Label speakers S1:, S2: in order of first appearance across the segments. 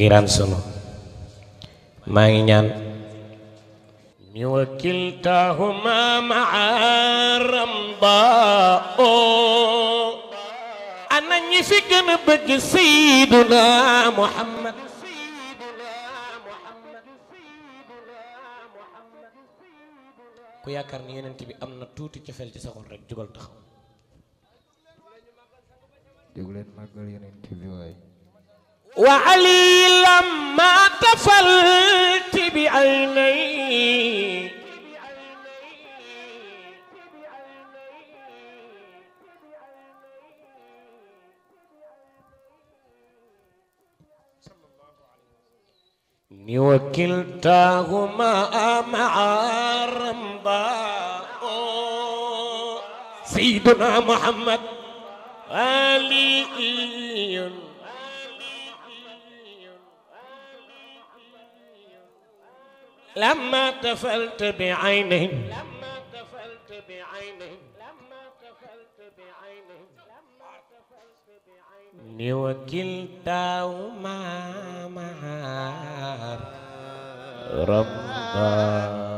S1: giran sunu maa ngi ñaan mi wakiltahuma maa ramdaa yaakaar ni yonent bi am na tuuti cofeel ci sa xol rek jugal taxaw jóg leen wa ali لما طفلت بعيني وكلتاهما مع رمضاء سيدنا محمد علي لما تفلت بعينهم لما تفلت بعينهم لما تفلت بعينهم لما تفلت بعينهم لوكلتاهما مع ربا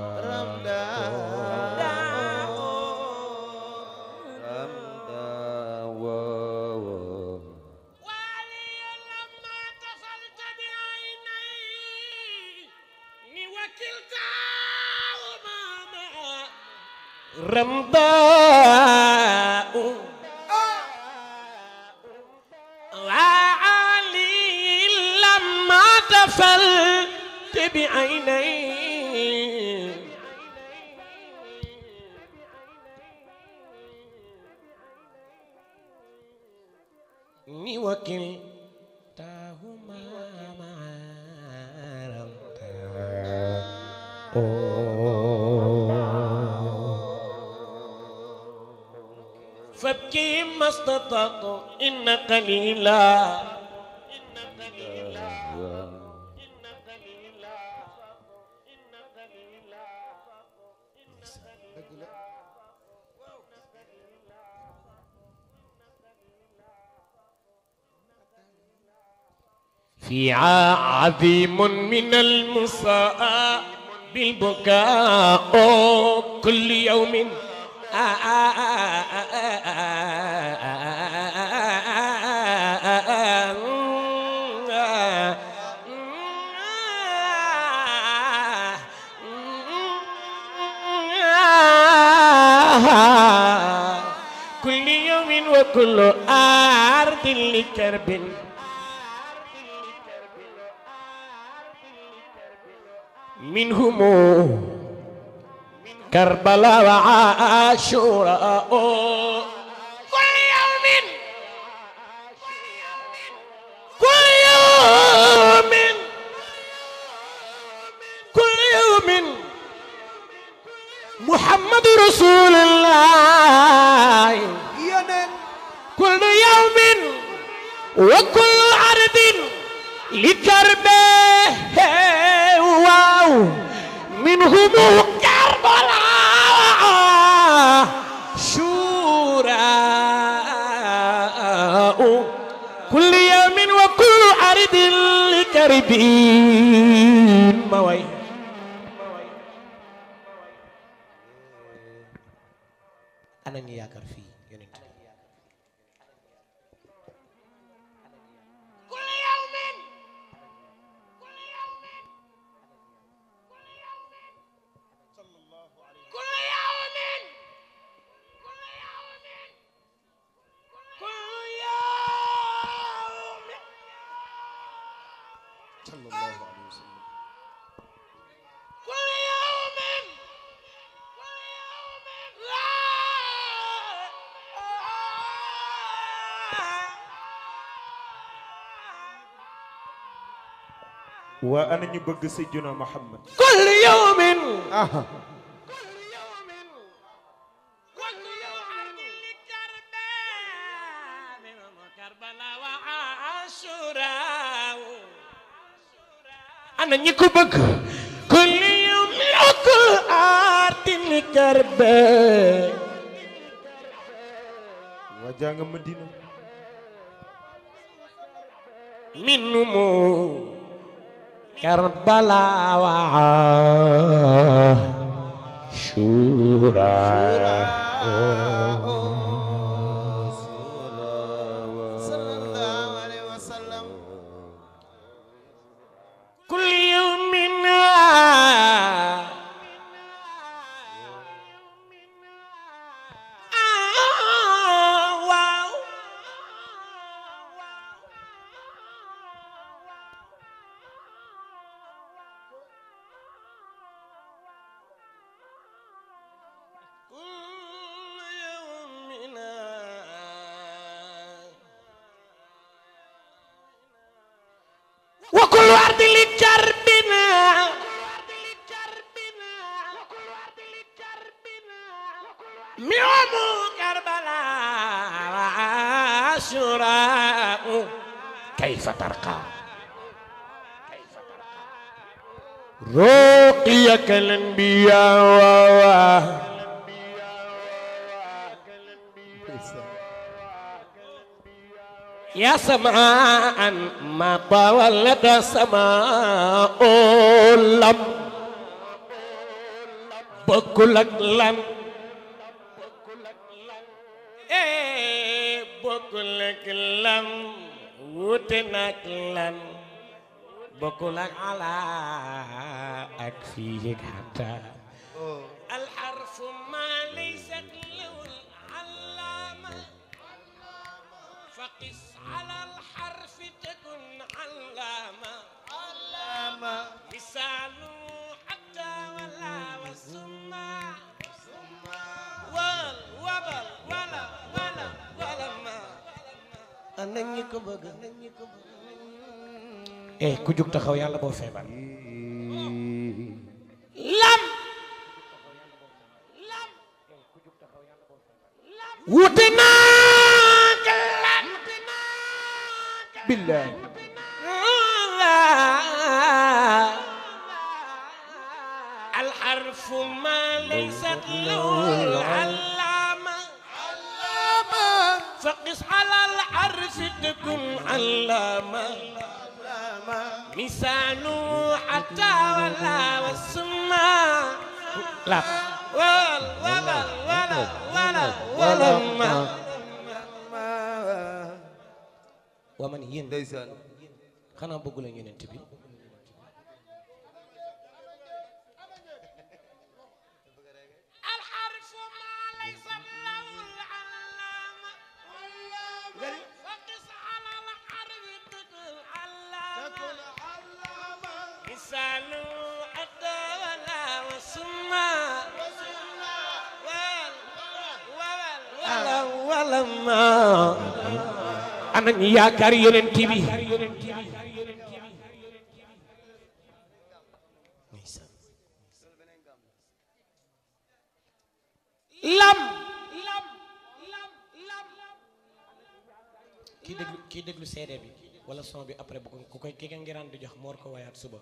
S1: رمضاء وعلي لما تفلت بعيني وكلت استطعت إن قليلا في عظيم من المساء بالبكاء كل يوم آآ آآ كل أرض لكرب منهم كربلاء وعاشوراء كل يوم كل يوم كل يوم محمد رسول الله وكل يوم وكل عرض لكربه واو منهم كربلاء شوراء كل يوم وكل عرض لكربين موي أنا نياكر فيه waa ana ñu bëgg sayyidina Muhammad kull yawmin kull ana ñi ko bëgg kulli yum yokk aartin karbe wajaa nga madina minumu karbala waa يوم كربلاء وعاشوراء كيف ترقى رقيك الانبياء يا سماء ما طولت سماء لم بكلك لم eh bokkul ak lan wuute nak lan bokkul ak ala ak fii hatta oh. al harfu ma laysa lawul allama faqis ala al harfi takun allama allama misalu hatta wala wasumma wal wabal ana ñi ko bëgg eh ku jug taxaw yàlla boo feebar lam wuute naak lam billahi alxarfu ma laysat lul عبدكم علامة مثاله حتى ولا والسماء لا ولا ولا ولا ولا ولا ما ومن ين خنا بقول ينتبه ana ñu yaakaar yonent bi lam kii déglu kii déglu seede bi wala son bi après bu ko ku koy ngiraan di jox moor ko wayaat suba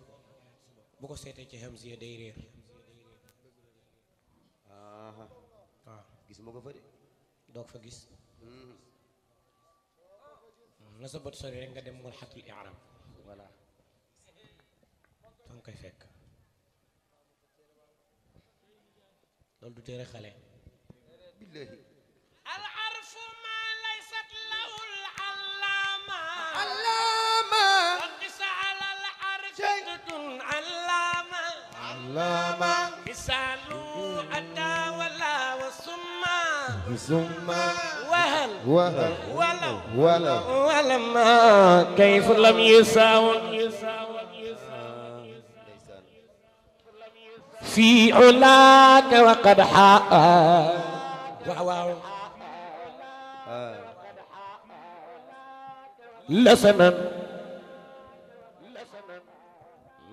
S1: boo ko seetee ci hamziya day réer waaw gisuma ko fa de doog fa gis hmm. Hmm, na sa bët sori rek nga dem mul xatul i'rab voilà nga koy fekk loolu du tere xale لما مثاله أتى ولا وسما سما وهل وهل ولو ولو ولما كيف لم يساوم في علاك وقد حاء واو لسنا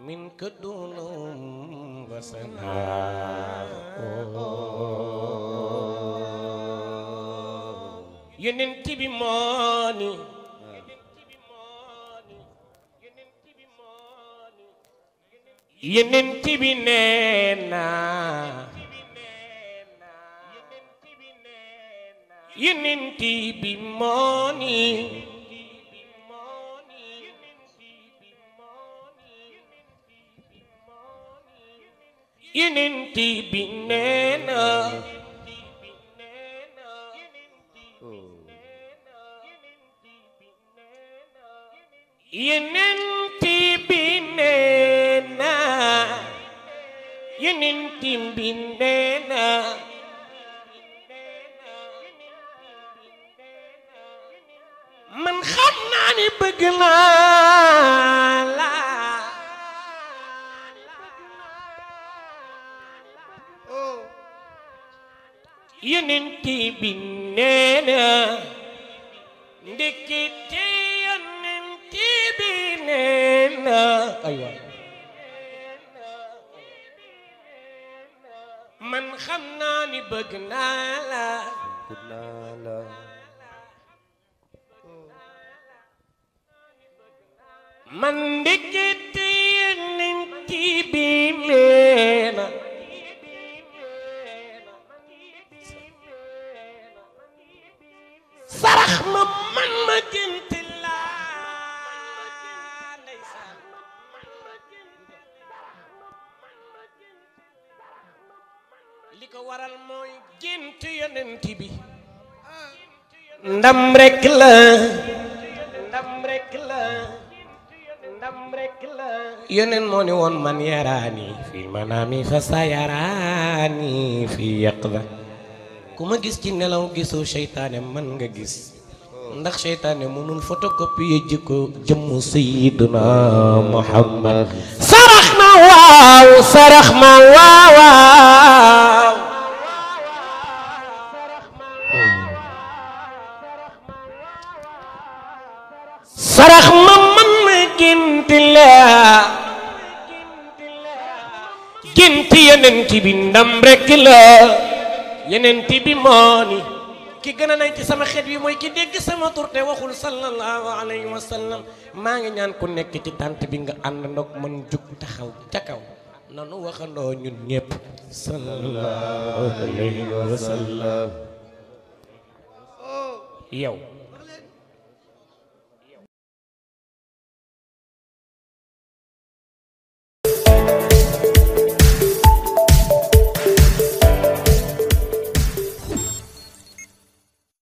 S1: منك دونهم وسماء يننتي بماني يننتي بنينا يننتي بماني bi nee na yenent bi nee na yenent bi nee na man xam naa ni bëgg yonent bi nee na ndekete yonent bi nee na aywa man xam naa ni bëgg naa la bëgg naa la man ndekete ndam rek la ndam ku ma gis ci nelaw gisoo seytaane man nga gis ndax seytaane mënul photocopie sarax ma waaw sarax ma waaw bi ndam rekk la yeneen yenent bi moo ki gën a nay ci sama xet wi mooy ki dégg sama turte te waxul sallallahu alayhi maa ngi ñaan ku nekk ci tànt bi nga ànd ndox mën jug taxaw ca kaw nanu waxandoo ñun ñëpp sallallahu alayhi